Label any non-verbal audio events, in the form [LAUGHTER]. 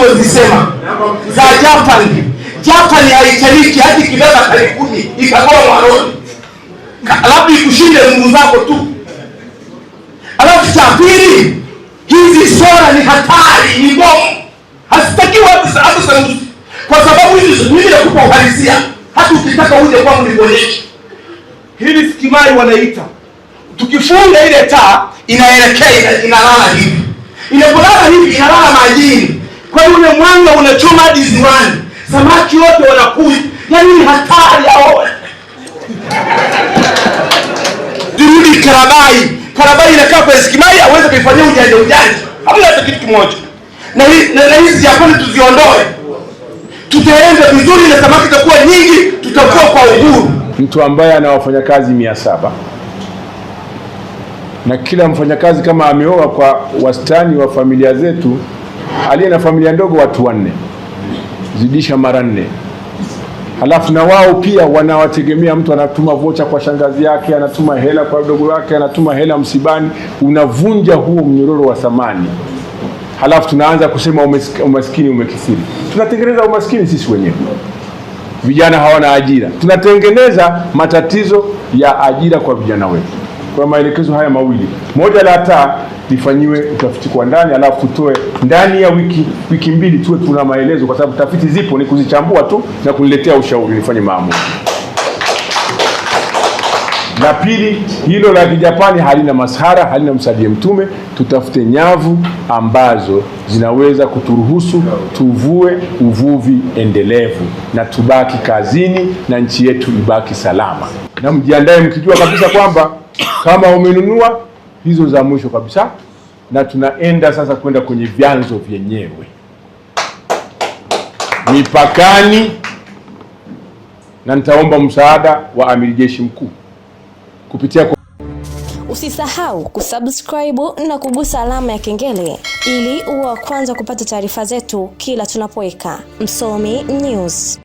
nilivyozisema za japan japan haichemiki hadi kidada karibuni ikagoa mwanoni, labda ikushinde nguvu zako tu. Alafu cha pili, hizi sora ni hatari, ni bomu, hazitakiwa hata sauti, kwa sababu hizi mimi nakupa uhalisia. Hata ukitaka uje kwangu nikuonyeshe hili sikimai wanaita, tukifunga ile taa inaelekea inalala hivi, inapolala hivi inalala majini ule mwanga unachoma hadi ziwani, samaki wote wanakuja, Yani ni hatari hao. Turudi Karabai. Karabai inakaa kwa Sikimai, aweze kuifanyia ujanja ujanja, hamna hata kitu kimoja. Na hizi Japani tuziondoe, tutaenda vizuri na samaki zitakuwa nyingi, tutakuwa kwa uhuru. Mtu ambaye ana wafanyakazi mia saba na kila mfanyakazi kama ameoa kwa wastani wa familia zetu aliye na familia ndogo watu wanne, zidisha mara nne. Halafu na wao pia wanawategemea, mtu anatuma vocha kwa shangazi yake, anatuma hela kwa mdogo wake, anatuma hela msibani. Unavunja huo mnyororo wa thamani. Halafu tunaanza kusema umaskini umekithiri. Tunatengeneza umaskini sisi wenyewe. Vijana hawana ajira, tunatengeneza matatizo ya ajira kwa vijana wetu kwa maelekezo haya mawili, moja la taa lifanyiwe utafiti kwa ndani, alafu tutoe ndani ya wiki wiki mbili, tuwe tuna maelezo, kwa sababu tafiti zipo, ni kuzichambua tu na kuniletea ushauri nifanye maamuzi. La pili hilo la Kijapani halina masihara, halina msalie mtume. Tutafute nyavu ambazo zinaweza kuturuhusu tuvue uvuvi endelevu na tubaki kazini na nchi yetu ibaki salama, na mjiandae mkijua kabisa kwamba [COUGHS] Kama umenunua hizo za mwisho kabisa, na tunaenda sasa kwenda kwenye vyanzo vyenyewe mipakani, na nitaomba msaada wa amiri jeshi mkuu kupitia kwa... Usisahau kusubscribe na kugusa alama ya kengele ili uwe wa kwanza kupata taarifa zetu kila tunapoweka Msomi News.